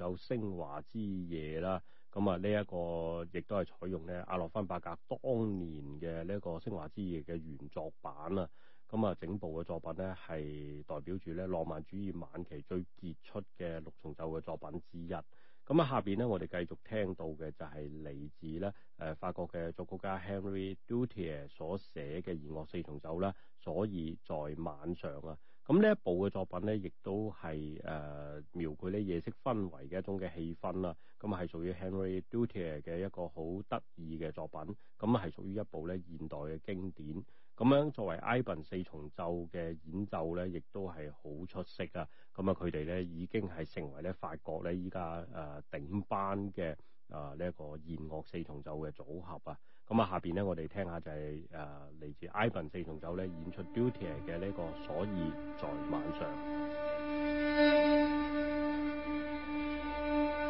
有《升華之夜》啦，咁啊呢一個亦都係採用咧阿洛芬伯格當年嘅呢一個《升華之夜》嘅原作版啊，咁啊整部嘅作品咧係代表住咧浪漫主義晚期最傑出嘅六重奏嘅作品之一。咁啊下邊咧我哋繼續聽到嘅就係嚟自咧誒法國嘅作曲家 Henri Dutilleux 所寫嘅弦樂四重奏啦，所以在晚上啊。咁呢一部嘅作品咧，亦都係誒、呃、描繪呢夜色氛圍嘅一種嘅氣氛啦。咁係屬於 Henry Dutilleux 嘅一個好得意嘅作品。咁係屬於一部咧現代嘅經典。咁樣作為 Ivan 四重奏嘅演奏咧，亦都係好出色啊！咁啊，佢哋咧已經係成為咧法國咧依家誒頂班嘅。呃這個、啊！呢一個弦樂四重奏嘅組合啊，咁啊下邊咧，我哋聽下就係誒嚟自 Ivan 四重奏咧演出《Duty》嘅呢個《所以在晚上》。